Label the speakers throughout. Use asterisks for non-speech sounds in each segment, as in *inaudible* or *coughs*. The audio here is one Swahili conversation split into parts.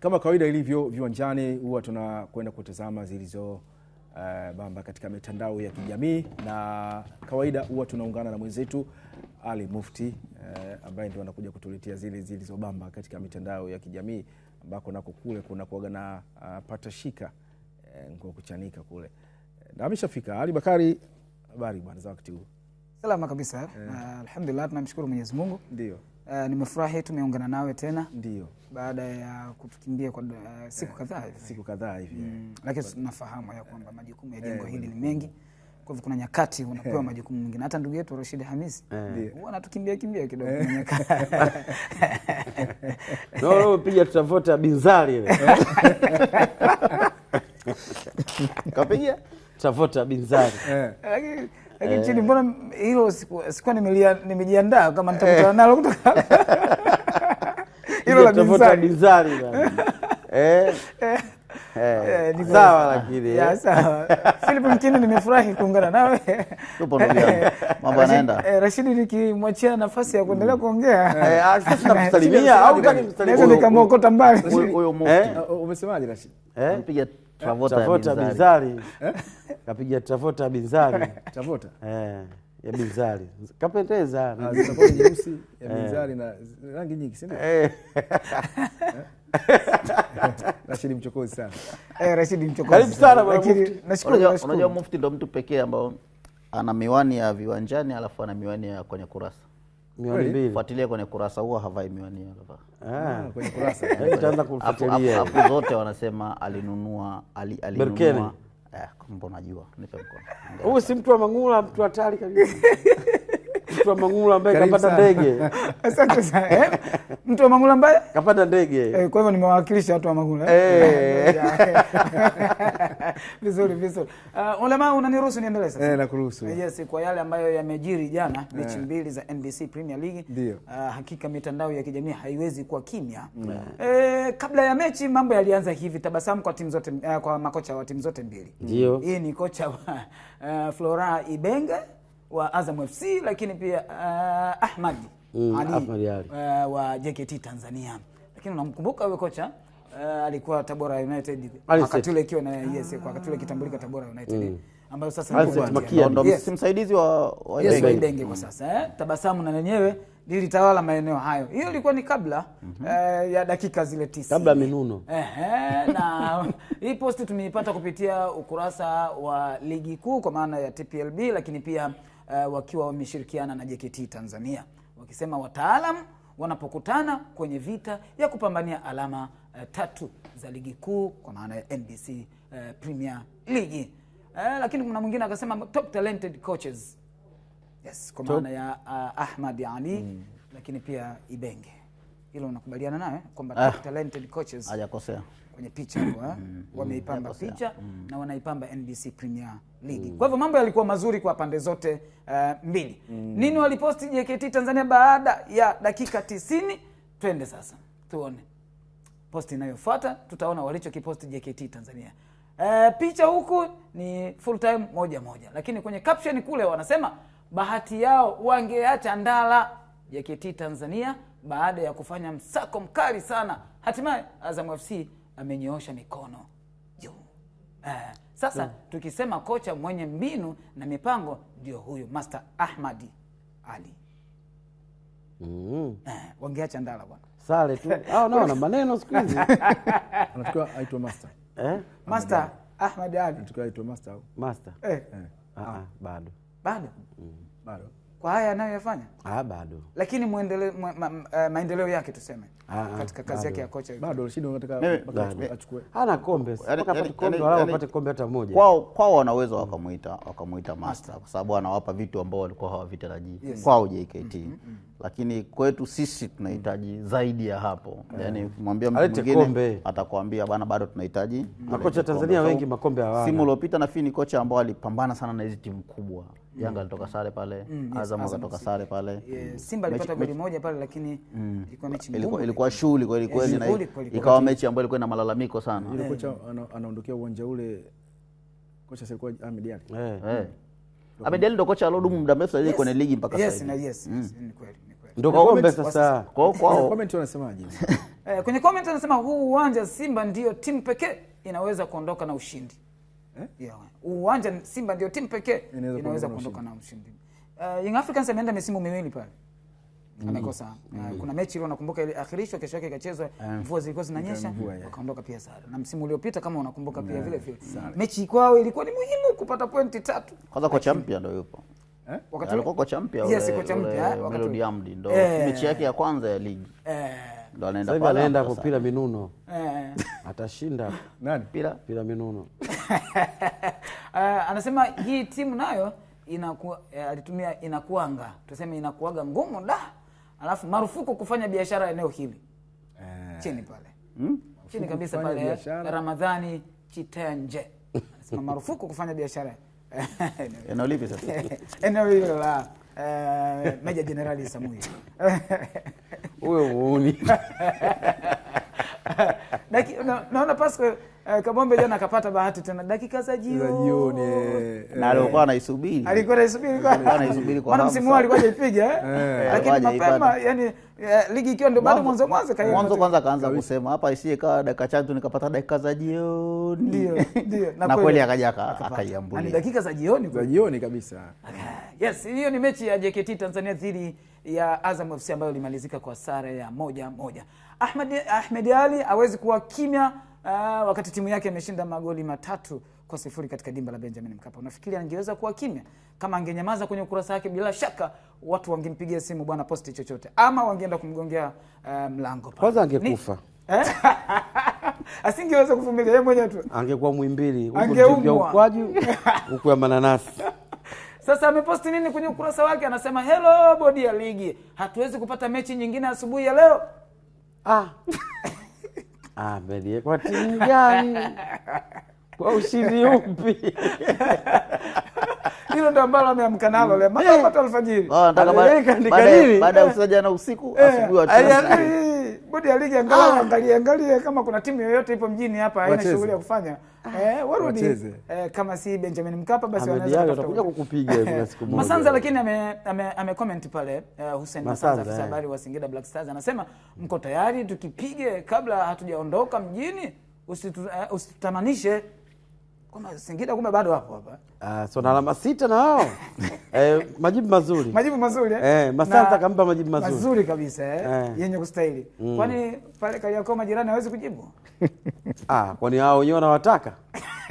Speaker 1: Kama kawaida ilivyo viwanjani, huwa tunakwenda kutazama zilizo Uh, bamba katika mitandao ya kijamii na kawaida huwa tunaungana na mwenzetu Ali Mufti uh, ambaye ndio anakuja kutuletea zile zilizobamba katika mitandao ya kijamii ambako nako kule kuna kuaga na uh, patashika uh, kuchanika kule na ameshafika Ali Bakari, habari bwana za wakati huu?
Speaker 2: Salama kabisa uh, alhamdulillah tunamshukuru Mwenyezi Mungu ndio Uh, nimefurahi tumeungana nawe tena ndio, baada ya kutukimbia kwa uh, siku eh, kadhaa hivi
Speaker 1: siku kadhaa hivi
Speaker 2: mm, lakini tunafahamu ya kwamba majukumu ya jengo hili ni mengi, kwa hivyo kuna nyakati unapewa majukumu mengine. Hata ndugu yetu Rashid Hamisi huwa anatukimbia kimbia kidogo kuna nyakati
Speaker 3: *laughs* no, no, piga tutavota binzari ile
Speaker 1: *laughs* kapiga
Speaker 3: tutavota binzari
Speaker 2: lakini lakini eh. chini, mbona hilo sikuwa nimejiandaa kama nitakutana eh. nalo kutoka *laughs* hilo la
Speaker 3: bizari *laughs* eh, eh. sawa, lakini
Speaker 2: sawa. Philip Mkini, nimefurahi kuungana nawe.
Speaker 3: Tupo ndugu yangu, mambo yanaenda.
Speaker 2: eh, Rashidi, nikimwachia nafasi ya kuendelea mm. kuongea,
Speaker 3: eh, ah, *laughs* nakusalimia au
Speaker 2: nikamwokota mbali.
Speaker 1: huyo
Speaker 4: Umesemaje Rashidi?
Speaker 3: Mpiga Tavota Binzari kapiga Tavota Binzari eh? *laughs* eh ya Binzari kapendeza ah,
Speaker 4: nyeusi ya eh. Binzari na rangi nyingi, si ndio? Eh. Rashidi mchokozi sana
Speaker 2: eh, Rashidi mchokozi, karibu
Speaker 1: sana bwana Mufti.
Speaker 5: Nashukuru. Unajua Mufti ndo mtu pekee ambao ana miwani ya viwanjani alafu ana miwani ya kwenye kurasa miwani Fuatilia kwenye kurasa, huwa havai miwani
Speaker 1: ah, ah, kwenye
Speaker 5: yaani zote wanasema alinunua ali,
Speaker 3: eh,
Speaker 5: mbona najua, nipe mkono.
Speaker 2: Huyu si mtu wa Mangula, mtu hatari kabisa. *laughs* mtu wa Mangula ambaye kapata ndege. *laughs* Asante sana. Eh? Mtu wa Mangula ambaye
Speaker 3: kapata ndege.
Speaker 2: Eh, kwa hivyo nimewakilisha watu wa Mangula.
Speaker 3: Eh.
Speaker 2: *laughs* Vizuri vizuri. Uh, ulema unaniruhusu niendelee sasa? Eh, nakuruhusu. Eh, yes, kwa yale ambayo yamejiri jana eh. mechi mbili za NBC Premier League.
Speaker 1: Ndio. Uh,
Speaker 2: hakika mitandao ya kijamii haiwezi kuwa kimya. Mm. Eh, kabla ya mechi mambo yalianza hivi tabasamu kwa timu zote uh, kwa makocha wa timu zote mbili. Ndio. Hii ni kocha wa uh, Flora Ibenge wa Azam FC lakini pia uh, Ahmad
Speaker 3: mm, Ali, Ahmad Ali.
Speaker 2: Uh, wa JKT Tanzania, lakini unamkumbuka wewe kocha uh, alikuwa Tabora United wakati ule ikiwa na yes, kwa wakati ule kitambulika Tabora United mm. ambayo sasa
Speaker 1: ni yes. msaidizi wa, wa
Speaker 2: yes, Denge kwa sasa eh? Tabasamu na lenyewe lilitawala maeneo hayo. Hiyo ilikuwa ni kabla mm -hmm. eh, ya dakika zile tisa,
Speaker 3: kabla minuno
Speaker 2: eh, eh, na *laughs* hii posti tumeipata kupitia ukurasa wa ligi kuu kwa maana ya TPLB, lakini pia uh, wakiwa wameshirikiana na JKT Tanzania wakisema wataalam wanapokutana kwenye vita ya kupambania alama uh, tatu za ligi kuu kwa maana ya NBC uh, eh, Premier League uh, lakini kuna mwingine akasema top talented coaches yes, kwa maana ya uh, Ahmad Ali mm. lakini pia Ibenge hilo unakubaliana naye kwamba ah, talented coaches hajakosea kwenye picha hapo eh? Mm-hmm. Mm-hmm. wameipamba picha mm-hmm. na wanaipamba NBC Premier League mm. Kwa hivyo mambo yalikuwa mazuri kwa pande zote eh, mbili uh, mm. Nini waliposti JKT Tanzania baada ya dakika tisini? Twende sasa tuone posti inayofuata, tutaona walichokiposti JKT Tanzania. Uh, picha huku ni full time moja moja, lakini kwenye caption kule wanasema bahati yao wangeacha ndala JKT Tanzania baada ya kufanya msako mkali sana, hatimaye Azam FC amenyoosha mikono juu. Eh, sasa mm. tukisema kocha mwenye mbinu na mipango ndio huyu Master Ahmadi Ali. Mm. Eh, wangeacha ndala bwana
Speaker 3: sare tu *laughs* ah, na maneno siku hizi
Speaker 4: *laughs* anatakiwa aitwe master
Speaker 2: eh? master Ahmad Ali
Speaker 4: anatakiwa aitwe master
Speaker 3: master eh. eh. Ah, ah. bado bado mm.
Speaker 2: bado kwa haya anayoyafanya? Ah, bado. Lakini muendele, mu, ma, ma, eh, maendeleo yake tuseme Ah, katika kazi yake ya kocha
Speaker 4: bado Rashid anataka achukue,
Speaker 2: hana kombe mpaka yaani- apate yaani- kombe, yaani- wala apate kombe hata moja.
Speaker 5: Kwao kwao wanaweza wakamuita wakamuita master, kwa sababu anawapa vitu ambao walikuwa hawavitarajii kwao JKT, mm -hmm. Mm-hmm. lakini kwetu sisi tunahitaji zaidi ya hapo. Eh. Yani ukimwambia mtu mwingine atakwambia bana, bado tunahitaji
Speaker 4: makocha. Tanzania wengi makombe hawana.
Speaker 5: Simu iliyopita nafikiri ni kocha ambao alipambana sana na hizi timu kubwa mm. Yanga alitoka sare pale, mm, yes, Azam akatoka sare pale,
Speaker 2: Simba alipata goli moja pale, lakini mm. ilikuwa mechi ngumu
Speaker 5: ilikuwa shughuli kweli kweli, na ikawa mechi ambayo ilikuwa na malalamiko sana.
Speaker 4: Yule kocha anaondokea uwanja ule, kocha alikuwa Ahmed Ali.
Speaker 3: Eh. eh.
Speaker 5: Hmm. Ahmed Ali ndo kocha alodumu muda mrefu zaidi kwenye ligi
Speaker 2: mpaka sasa. Yes, na yes, hmm. ni
Speaker 3: kweli. Ndio kombe sasa.
Speaker 5: Kwa kwao.
Speaker 4: Comment wanasemaje? *laughs*
Speaker 2: Eh, kwenye comment wanasema huu uwanja Simba ndio timu pekee inaweza kuondoka na ushindi. Eh? Yeah. Uwanja Simba ndio timu pekee inaweza kuondoka na ushindi. Uh, Young Africans ameenda misimu miwili pale. Mm. amekosa mm. kuna mechi ile unakumbuka ile akhirishwa, kesho yake ikachezwa, eh, mvua zilikuwa zinanyesha, wakaondoka pia sare. Na msimu uliopita kama unakumbuka pia vile vile mechi kwao ilikuwa ni muhimu kupata pointi tatu,
Speaker 5: kwanza kocha mpya ndio yupo Eh? eh wakati alikuwa kocha mpya yes, kocha mpya eh, Melody Amdi ndo mechi yake ya kwanza ya ligi
Speaker 2: eh,
Speaker 3: ndo anaenda pale, anaenda kupira minuno eh, atashinda *laughs* nani pira pira
Speaker 1: minuno
Speaker 2: uh, *laughs* anasema hii timu nayo inakuwa alitumia inakuanga tuseme inakuaga ngumu da alafu marufuku kufanya biashara eneo hili eh. chini pale hmm? chini kabisa pale biashara. Ramadhani Chitenje anasema marufuku kufanya biashara
Speaker 3: *laughs* eneo lipi sasa?
Speaker 2: *laughs* eneo hilo la eh, Meja Jenerali Samuel
Speaker 3: huyo uuni *laughs*
Speaker 2: *laughs* naona Pascal uh, eh, Kabombe jana akapata bahati tena dakika za
Speaker 3: jioni eh,
Speaker 5: na alikuwa eh. anaisubiri,
Speaker 2: alikuwa anaisubiri kwa
Speaker 5: anaisubiri maana
Speaker 2: msimu alikuwa eh lakini mapema yani ligi ikiwa ndio bado mwanzo mwanzo kaanza
Speaker 5: mwanzo kwanza kaanza kusema hapa isiye kawa dakika chatu nikapata dakika za jioni, ndio ndio, *laughs* na kweli akaja yaani akaiambulia,
Speaker 2: ni dakika za jioni
Speaker 1: kwa jioni kabisa.
Speaker 2: Yes, hiyo ni mechi ya JKT Tanzania dhidi ya Azam FC ambayo ilimalizika kwa sare ya moja moja. Ahmed, Ahmed Ali awezi kuwa kimya uh, wakati timu yake ameshinda magoli matatu kwa sifuri katika dimba la Benjamin Mkapa. Unafikiri angeweza kuwa kimya kama angenyamaza kwenye ukurasa wake? Bila shaka watu wangempigia simu bwana posti chochote, ama wangeenda kumgongea eh, mlango.
Speaker 3: kwanza angekufa *laughs* eh?
Speaker 2: *laughs* asingeweza kuvumilia yeye mwenyewe tu,
Speaker 3: angekuwa mwimbili huku ukwaju huku ya mananasi.
Speaker 2: *laughs* Sasa ameposti nini kwenye ukurasa wake? Anasema hello bodi ya ligi, hatuwezi kupata mechi nyingine asubuhi ya leo
Speaker 3: ah. *laughs* Ahmed kwa timu gani? Kwa ushindi upi?
Speaker 2: *laughs* Hilo ndo ambalo ameamka nalo leo. Mpaka alfajiri.
Speaker 3: Oh, nataka baada ya usaji usiku eh, asubuhi
Speaker 2: Bodi ya ligi angalau ah. angalie angalie kama kuna timu yoyote ipo mjini hapa haina shughuli ya kufanya eh, warudi eh, kama si Benjamin Mkapa basi
Speaker 3: wanaweza kutakuja kukupiga hivi *laughs*
Speaker 2: siku moja. Masanza lakini ame, ame, ame comment pale uh, Hussein Masanza afisa eh. habari wa Singida Black Stars anasema mko tayari tukipige kabla hatujaondoka mjini eh, usitutamanishe. Kama Singida kumbe bado wapo hapa.
Speaker 3: Ah, so na alama sita na wao. *laughs* eh, majibu mazuri.
Speaker 2: Majibu mazuri eh.
Speaker 3: Eh, Masanta kampa majibu mazuri.
Speaker 2: Mazuri kabisa eh. eh. Yenye kustahili. Mm. Kwani pale Kariakoo majirani hawezi kujibu? *laughs*
Speaker 3: ah, kwani hao wenyewe wanawataka? *laughs*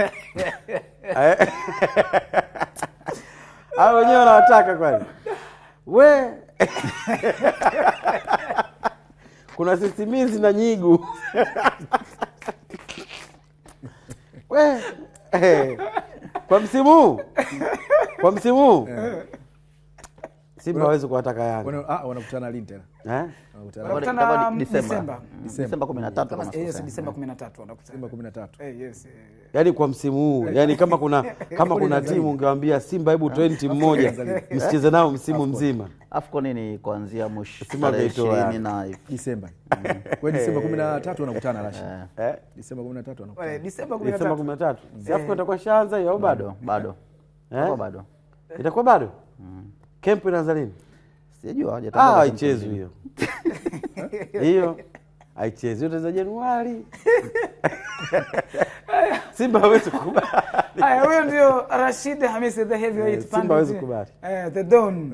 Speaker 3: Eh. Hao wenyewe wanawataka kwani? We kuna sisimizi na nyigu we kwa msimu kwa msimu huu eh. Simba hawezi kuwataka Yanga.
Speaker 4: Ah, wanakutana lini tena?
Speaker 3: Eh?
Speaker 2: Disemba eh, eh.
Speaker 3: yaani kwa msimu huu yani kama kuna *laughs* kama kuna timu ungewambia Simba hebu ah. twenti moja *laughs* msicheze nao msimu mzima
Speaker 5: AFCON ni kuanzia
Speaker 3: ishirini itakuwa shaanza hiyo au bado?
Speaker 5: Bado bado
Speaker 3: itakuwa bado. Mm. Kempu inaanza lini? sijajua hawajatangaza. Ah, hiyo hiyo utaweza Januari. Simba hawezi
Speaker 2: Haya, huyo ndio Rashid Hamisi the heavyweight yeah, Simba hawezi Eh, the Don.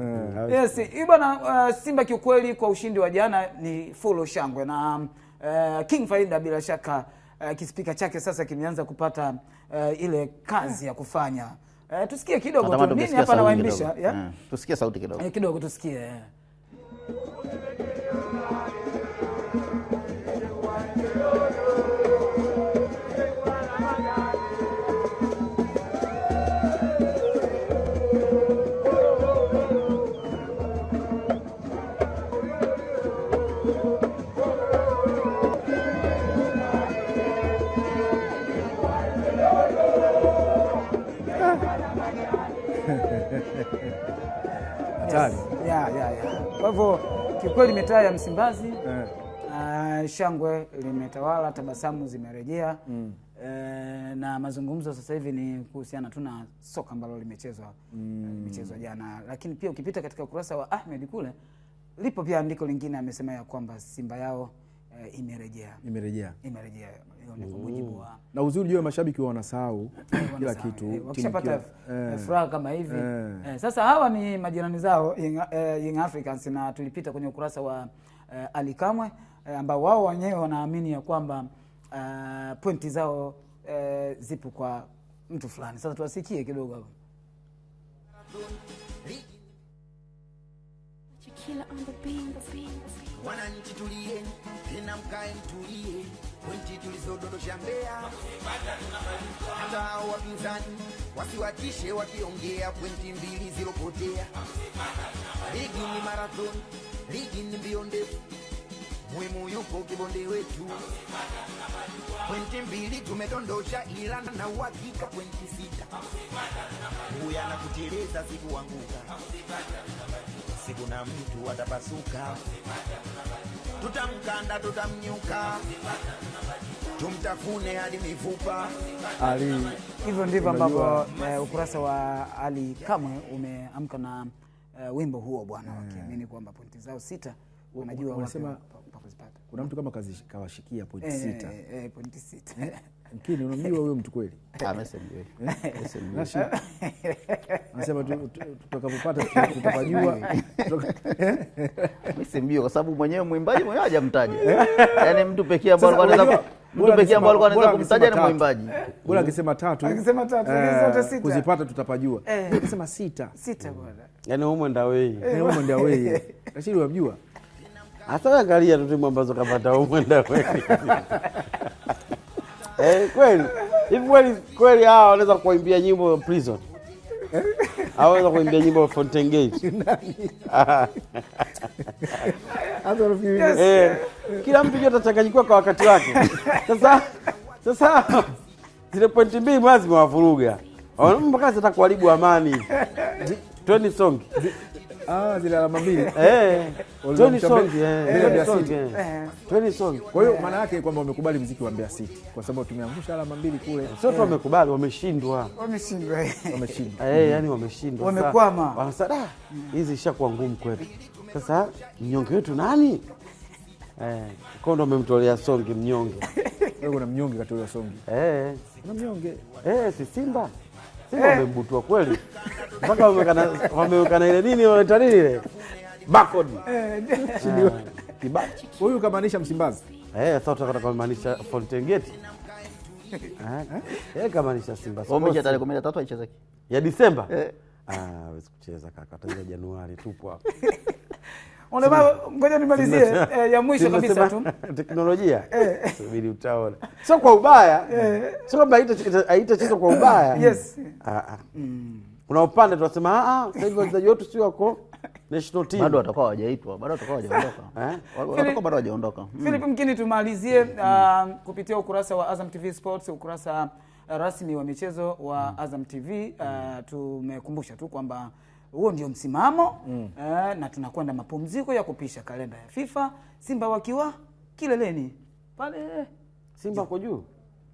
Speaker 2: Yeah, yes, uh, Simba kiukweli kwa ushindi wa jana ni full shangwe na um, uh, King Faida bila shaka uh, kispika chake sasa kimeanza kupata uh, ile kazi ya kufanya Uh, tusikie kidogo tu nini hapa nawaimbisha,
Speaker 3: yeah? Tusikie sauti kidogo
Speaker 2: eh, kidogo, tusikie eh. hatari Kwa hivyo kiukweli mitaa ya Msimbazi yeah. Uh, eh, shangwe limetawala, tabasamu zimerejea mm. Uh, na mazungumzo sasa hivi ni kuhusiana tu na soka ambalo limechezwa mm. limechezwa jana, lakini pia ukipita katika ukurasa wa Ahmed kule lipo pia andiko lingine, amesema ya kwamba Simba yao uh, imerejea imerejea imerejea kwa mujibu wa
Speaker 4: na uzuri jua mashabiki wa wanasahau *clears throat* kila eh, kitu
Speaker 2: wakishapata eh, eh. furaha kama hivi. Sasa hawa ni majirani zao Young Africans, na tulipita kwenye ukurasa wa Ali Kamwe ambao wao wenyewe wanaamini ya kwamba pointi zao zipo kwa mtu fulani. Sasa tuwasikie kidogo hapo. Wananchi tulieni, tena mkae mtulie pointi tulizodondosha Mbeya, hata hao wapinzani wasiwatishe wakiongea, pwenti mbili zilopotea. Ligi ni marathoni, ligi ni mbio ndefu,
Speaker 3: yupo kibonde wetu. pwenti mbili tumedondosha, ila na uhakika pointi sita, huyu anakuteleza, sikuanguka siku kuna mtu atapasuka, tutamkanda, tutamnyuka, tumtafune hadi mifupa. Ali,
Speaker 2: hivyo ndivyo ambavyo uh, ukurasa wa Ali Kamwe umeamka na uh, wimbo huo bwana, hmm, kwamba pointi zao sita wanajua
Speaker 4: wanasema, kuna mtu kama kawashikia pointi eh, sita, eh,
Speaker 2: eh, pointi sita *laughs*
Speaker 4: mkini unamjua huyo mtu kweli
Speaker 5: ah, eh?
Speaker 4: nasema tutakapopata tutapajua
Speaker 5: msembio *laughs* kwa sababu mwenyewe mwimbaji mwenyewe hajamtaja eh? yaani mtu pekee ambao mtu anaweza ni mwimbaji.
Speaker 4: Bora akisema tatu,
Speaker 2: tatu, eh, sita
Speaker 4: kuzipata tutapajua. Akisema sita,
Speaker 2: sita
Speaker 3: yani yani hasa. Angalia tu timu ambazo kapata humo ndio *laughs* Eh, kweli. Hivi kweli kweli hawa wanaweza kuimbia nyimbo prison. Hawa wanaweza kuimbia nyimbo Fountain Gate. *laughs* Eh, kila mtu atachanganyikiwa kwa wakati wake. Sasa sasa zile pointi mbili mwazi mewavuruga mpaka zitakuharibu amani. Twende songi
Speaker 4: Ah, zile alama mbili. Eh.
Speaker 3: eh. eh.
Speaker 4: Kwa hiyo maana yake kwamba wamekubali mziki wa Mbeya City kwa sababu tumeangusha alama mbili kule.
Speaker 3: Sio tu wamekubali, wameshindwa.
Speaker 2: Wameshindwa. Eh.
Speaker 4: Wameshindwa.
Speaker 3: Eh, yani wameshindwa.
Speaker 2: Wamekwama.
Speaker 3: Wanasada. Hizi ishakuwa ngumu kwetu. Sasa mnyonge wetu nani? Eh, kwa ndo amemtolea songi mnyonge.
Speaker 4: Wewe kuna mnyonge katolea songi. Eh. Kuna mnyonge.
Speaker 3: Eh, si Simba. Wamebutua eh. kweli mpaka wamewekana ile nini, wanaita nini ile barcode. Eh,
Speaker 4: eh. Huyu kamaanisha Msimbazi,
Speaker 3: sasa tunataka Fountain Gate kamaanisha Simba
Speaker 5: tarehe kumi na tatu haichezeki
Speaker 3: ya Disemba. Ah, wezi kucheza kaka, tangia Januari tupo
Speaker 2: *laughs* unavaa ngoja nimalizie eh, ya mwisho kabisa tu
Speaker 3: *laughs* teknolojia eh, eh. subiri utaona sio kwa ubaya eh, sio kwamba haitachezwa kwa ubaya *coughs* yes ah ah kuna mm. upande tunasema ah ah sasa hivi wachezaji wetu sio wako national team
Speaker 5: bado watakuwa hawajaitwa bado watakuwa hawajaondoka *laughs* eh watakuwa bado hawajaondoka mm.
Speaker 2: Philip mkini tumalizie uh, kupitia ukurasa wa Azam TV Sports ukurasa ah, rasmi wa michezo wa Azam TV uh, ah, tumekumbusha tu kwamba huo ndio msimamo mm. Eh, na tunakwenda mapumziko ya kupisha kalenda ya FIFA, Simba wakiwa kileleni
Speaker 3: pale. Eh, Simba kwa juu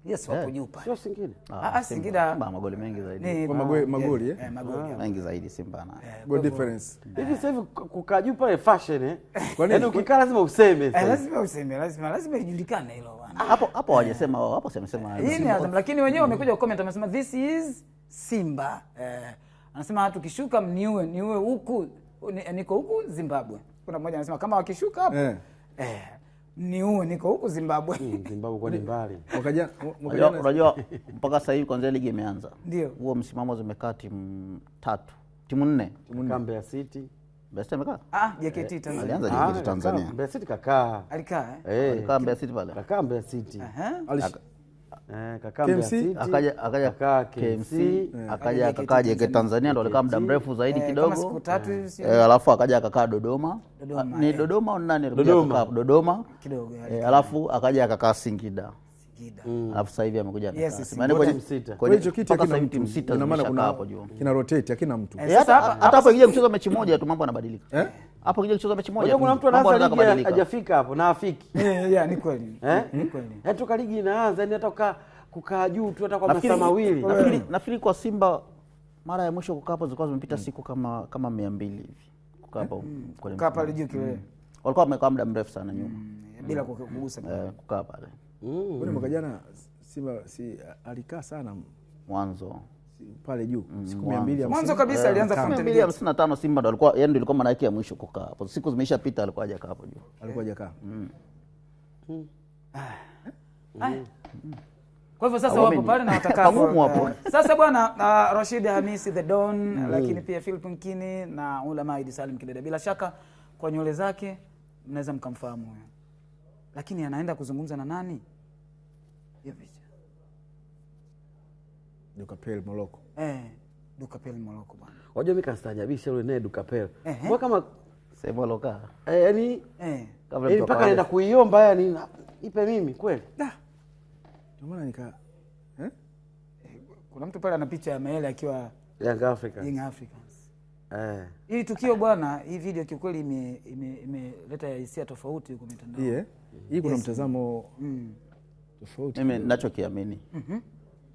Speaker 2: Yes, wapo yeah, juu pale. Sio Singida. Ah, ah Singida
Speaker 5: magoli mengi zaidi.
Speaker 4: Kwa magoli magoli eh. Yeah,
Speaker 2: magoli eh? Eh,
Speaker 5: ah, mengi zaidi Simba na.
Speaker 4: Goal difference.
Speaker 3: Hivi sasa hivi kukaa juu pale fashion eh. *laughs* Kwa Yaani ukikaa lazima useme. Eh,
Speaker 2: lazima useme, lazima lazima ijulikane hilo bwana.
Speaker 5: Ah, hapo hapo hawajasema hapo sema sema.
Speaker 2: Hii ni Azam lakini wenyewe wamekuja comment wamesema this is Simba. Eh anasema tukishuka mniue niue huku niko huku zimbabwe kuna mmoja anasema kama wakishuka hapo eh. eh, niue niko huku zimbabwe hmm,
Speaker 3: zimbabwe kwani *laughs* mbali
Speaker 5: unajua mpaka sasa hivi kwanzia ligi imeanza ndio huo msimamo zimekaa timu tatu timu nne
Speaker 3: mbeya city
Speaker 2: Ah, JKT eh,
Speaker 5: Tanzania. Ah,
Speaker 3: mbeya City kakaa. Alikaa eh? Alikaa Mbeya City pale. Kakaa Mbeya City.
Speaker 2: Alikaa
Speaker 4: Eh, eh, akaja
Speaker 5: KMC akaja akakaa JK Tanzania ndo alikaa muda mrefu zaidi eh, kidogo, eh, alafu akaja akakaa Dodoma, ni Dodoma nani,
Speaker 3: Dodoma,
Speaker 5: alafu akaja akakaa Singida, mm. alafu sasa hivi amekuja timu sita, ina
Speaker 4: maana kuna kina rotate, hakina mtu.
Speaker 5: Hata hapo ikija kucheza mechi moja tu mambo yanabadilika hapo kija kucheza mechi moja.
Speaker 3: Kuna mtu anaanza ligi hajafika hapo na afiki.
Speaker 2: *laughs* Yeah, ni kweli. *laughs* Eh? Ni kweli. Eh,
Speaker 3: toka ligi inaanza ni yaani hata kukaa kukaa juu tu hata kwa masaa mawili.
Speaker 5: Nafikiri eh. nafikiri kwa Simba mara ya mwisho kukaa hapo zilikuwa zimepita mm. siku kama kama 200 hivi. Kukaa hapo mm.
Speaker 2: kwenye kukaa pale juu kile. Mm.
Speaker 5: Walikuwa wamekaa muda mrefu sana nyuma mm.
Speaker 2: bila kugusa mm.
Speaker 5: eh, kukaa pale.
Speaker 4: Mm. Mwaka jana Simba si alikaa sana mwanzo pale juu mm-hmm. siku mia mbili
Speaker 2: mwanzo kabisa eh, alianza yeah,
Speaker 5: fountain hamsini na tano Simba ndo alikuwa yani, ilikuwa maana yake ya mwisho kukaa hapo. Siku zimeisha pita, alikuwa hajakaa hapo juu,
Speaker 4: alikuwa hajakaa eh.
Speaker 3: mm. Mm.
Speaker 2: Ah. mm. Kwa hivyo sasa wapo pale na watakaa *laughs* Sasa bwana uh, Rashid Hamisi the Don mm. lakini pia Philip Mkini na Ulama Idi Salim Kidede, bila shaka kwa nywele zake mnaweza mkamfahamu huyo, lakini anaenda kuzungumza na nani? Yapi?
Speaker 4: Dukapel Morocco.
Speaker 2: Eh, Dukapel Morocco bwana.
Speaker 3: Wajua mimi kastaajabisha yule naye Dukapel. kwa kama sema loka. Eh, yani eh. Kabla mtoka. Mpaka naenda kuiomba yani ipe mimi kweli.
Speaker 2: Da. Ndio maana nika eh? eh? Kuna mtu pale ana picha ya Maele akiwa
Speaker 3: Young Africans.
Speaker 2: Young Africans. Eh. Hii tukio bwana, hii video kiukweli imeleta ime, ime hisia tofauti huko mitandao.
Speaker 3: Yeah.
Speaker 4: Hii kuna yes. mtazamo
Speaker 2: mm.
Speaker 5: tofauti. Mimi ninachokiamini. Mhm. Mm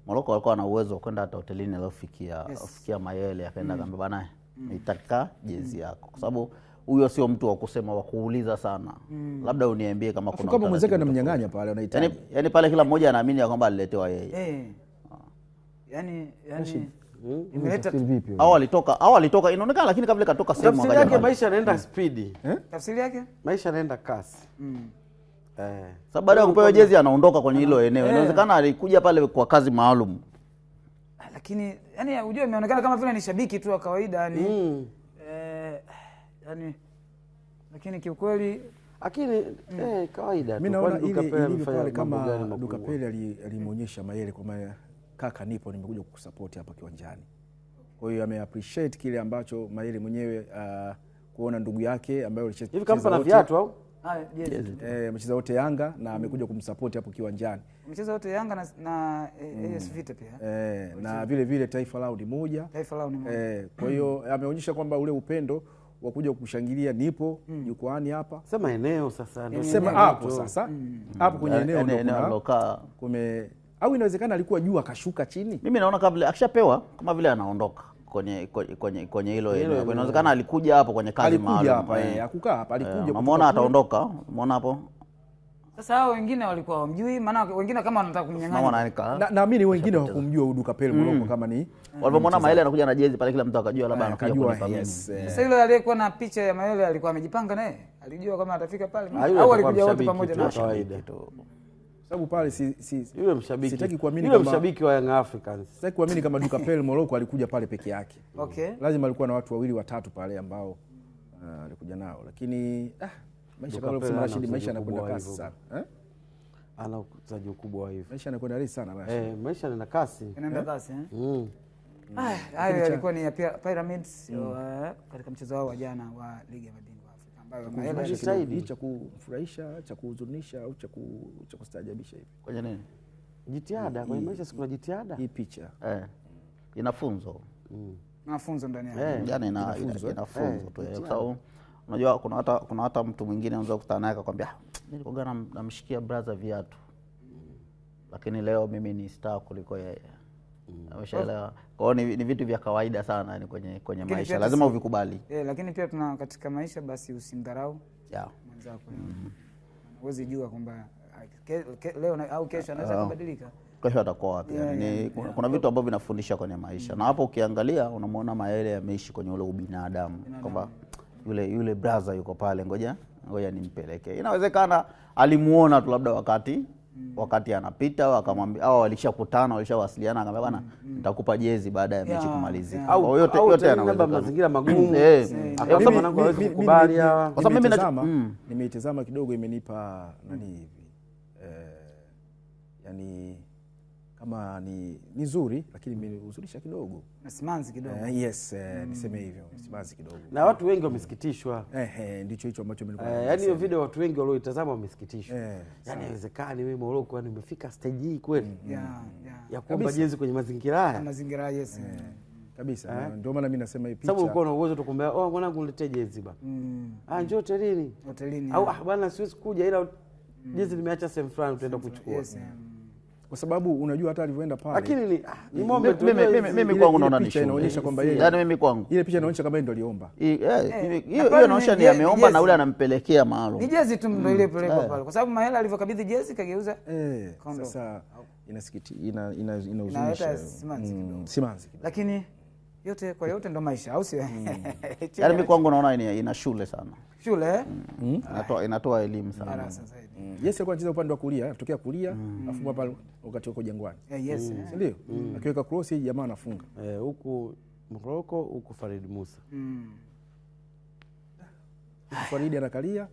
Speaker 5: Moroko alikuwa ana uwezo wa kwenda hata hotelini aliofikia yes. Mayele akaenda mm. kaambia bana mm. nitaka jezi mm. yako kwa sababu huyo sio mtu wa kusema wa kuuliza sana mm. labda uniambie kama
Speaker 4: kuna kama mwenzake anamnyang'anya pale
Speaker 5: anahitaji yani, yani pale kila mmoja anaamini ya kwamba aliletewa yeye
Speaker 2: hey. Eh. ah. yani, yani
Speaker 4: hmm?
Speaker 5: au alitoka au alitoka inaonekana, lakini kabla katoka
Speaker 3: sehemu, tafsiri yake maisha yanaenda hmm. spidi
Speaker 2: eh? tafsiri yake
Speaker 3: maisha yanaenda kasi
Speaker 2: mm.
Speaker 5: Eh. Sababu baada ya kupewa jezi anaondoka kwenye hilo eneo. Eh. Inawezekana eh, alikuja pale kwa kazi maalum.
Speaker 2: Ah, lakini yani unajua imeonekana kama vile ni shabiki tu wa kawaida yani. Mm. Eh, yani lakini kiukweli
Speaker 3: lakini mm. eh, kawaida tu.
Speaker 4: mimi naona ili pale kama Dukapele alimwonyesha ali Mayele maana kaka, nipo nimekuja kukusupport hapa kiwanjani. Kwa hiyo ameappreciate kile ambacho Mayele mwenyewe uh, kuona ndugu yake ambaye
Speaker 3: alicheza hivi kama na viatu au
Speaker 4: eh, mcheza wote Yanga na mm. amekuja mm. kumsapoti hapo kiwanjani
Speaker 2: mcheza wote Yanga na, na eh, mm. Vita pia
Speaker 4: eh, eh na vile vile Taifa Lao ni moja, Taifa moja eh, kwa hiyo mm. ameonyesha kwamba ule upendo wa kuja kushangilia nipo mm. jukwaani mm. hapa
Speaker 3: sema eneo sasa ndio
Speaker 4: sema hapo sasa hapo kwenye eneo ndio kume au inawezekana alikuwa juu akashuka chini.
Speaker 5: Mimi naona kabla akishapewa kama vile anaondoka kwenye kwenye kwenye hilo eneo. Inawezekana alikuja hapo kwenye kazi maalum,
Speaker 4: eh. Eh, hakukaa hapa, alikuja. Eh,
Speaker 5: umeona ataondoka, umeona hapo.
Speaker 2: Sasa hao wengine walikuwa wamjui, maana wengine kama wanataka
Speaker 5: kumnyang'anya.
Speaker 4: Naamini wengine hawakumjua Udu Kapele mm. Moroko kama ni
Speaker 5: walipomwona Maele anakuja na jezi pale, kila mtu akajua labda
Speaker 4: anakuja kwa
Speaker 2: nini. Sasa yule aliyekuwa na picha ya Maele alikuwa amejipanga naye, alijua kama atafika pale
Speaker 3: au alikuja wote pamoja
Speaker 5: na kawaida
Speaker 4: sababu pale si, si,
Speaker 3: yule mshabiki sitaki kuamini kama mshabiki wa Young Africans,
Speaker 4: sitaki kuamini kama Dukapel Moroko alikuja pale peke yake okay. mm. Lazima alikuwa na watu wawili watatu pale ambao uh, alikuja nao, lakini ah, maisha kama alivyosema Rashid, maisha yanakwenda kasi sana
Speaker 3: eh? Ana uchezaji mkubwa wa hivyo,
Speaker 4: maisha yanakwenda resi sana Rashid,
Speaker 3: eh, maisha yanaenda kasi,
Speaker 2: yanaenda kasi eh? mm. Ah, hayo yalikuwa ni ya Pyramids mm. eh, katika mchezo wao wa jana wa ligi ya madini
Speaker 4: najitahidi cha kufurahisha cha kuhuzunisha au cha kustaajabisha hivi.
Speaker 5: Kwenye nini?
Speaker 2: Jitihada kwenye maisha, sikuna jitihada
Speaker 4: hii picha
Speaker 5: eh, inafunzo
Speaker 2: mm. ndani
Speaker 5: yake yani inafunzo tu, unajua kuna hata kuna hata mtu mwingine unaweza kukutana naye akakwambia ah, nilikuwa namshikia braza viatu, mm. lakini leo mimi ni star kuliko yeye, mm. ameshaelewa mm. Kwao ni, ni vitu vya kawaida sana ni kwenye, kwenye lakini maisha lazima uvikubali
Speaker 2: e, lakini pia tuna katika maisha basi usimdharau
Speaker 5: yeah. mwenzako mm
Speaker 2: huwezi -hmm. jua kwamba leo au kesho anaweza yeah. kubadilika
Speaker 5: kesho atakuwa wapi? yeah, yeah, kuna, yeah. kuna vitu ambavyo vinafundisha kwenye maisha mm -hmm. na hapo ukiangalia unamwona maele yameishi kwenye ule ubinadamu kwamba yule, yule braza yuko pale, ngoja ngoja nimpelekee Inawezekana alimuona tu labda wakati mm. wakati anapita wakamwambia, mm. au walishakutana walishawasiliana, akamwambia bwana, mm. nitakupa jezi baada ya yeah. mechi kumalizika.
Speaker 3: yeah. Au yote yote
Speaker 2: yanaweza mazingira *clears throat* magumu,
Speaker 5: eh
Speaker 4: kwa sababu hawezi kukubali kwa sababu mimi mm. nimeitazama kidogo, imenipa nani hivi, eh, yani kama ni, nzuri lakini imenihuzunisha kidogo
Speaker 2: simanzi kidogo
Speaker 4: eh, yes eh, mm. niseme hivyo simanzi kidogo
Speaker 2: na watu wengi wamesikitishwa
Speaker 4: eh, eh, ndicho hicho ambacho eh,
Speaker 2: yaani hiyo video watu wengi walioitazama wamesikitishwa
Speaker 4: eh,
Speaker 3: yaani haiwezekani wewe Moroko yani umefika stage hii kweli mm, mm. yeah, yeah. ya kuomba jezi kwenye mazingira haya
Speaker 2: mazingira haya yes eh.
Speaker 4: Kabisa eh? Ndio maana mimi nasema hii picha, sababu
Speaker 3: uko na uwezo tukumbea, oh mwanangu niletee jezi ba mm. ah njoo hotelini hotelini, au ah bwana siwezi kuja ila mm. jezi nimeacha sehemu fulani, utaenda kuchukua yes,
Speaker 2: yeah
Speaker 4: kwa sababu unajua hata alivyoenda pale,
Speaker 3: lakini ni ah, ni mimi kwangu
Speaker 4: naona inaonyesha kwamba yaani
Speaker 5: yeye, yani mimi kwangu
Speaker 4: ile picha mm. inaonyesha kwamba yeye ndio aliomba
Speaker 5: eh, eh, hiyo, inaonyesha ni ameomba na yule anampelekea maalum, ni
Speaker 2: jezi tu ndio ile mm. eh. pale, kwa sababu Mahela alivyokabidhi jezi kageuza.
Speaker 4: Sasa inasikiti ina ina
Speaker 2: mm, simanzi kidogo, lakini yote kwa yote ndo maisha, au sio? Mm.
Speaker 5: *laughs* Yaani mimi kwangu naona ina shule sana,
Speaker 2: shule mm.
Speaker 5: mm. inatoa inatoa elimu sana
Speaker 4: mm. Yes, alikuwa anacheza upande wa kulia, tokea kulia mm. afunga pale wakati uko Jangwani, eh, yes, mm. eh. ndio? Akiweka cross hii jamaa anafunga
Speaker 3: eh, huku Moroko, huku Farid Musa
Speaker 2: mm.
Speaker 4: Faridi anakalia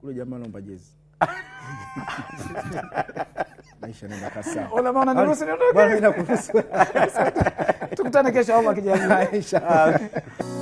Speaker 4: kule, jamaa anaomba jezi *laughs* Aisha, nenda kasa.
Speaker 2: Ole *laughs* maana niruhusu niondoke.
Speaker 3: Bwana, mimi nakuruhusu.
Speaker 2: *laughs* Tukutane kesho au akijali.
Speaker 3: Aisha. *laughs*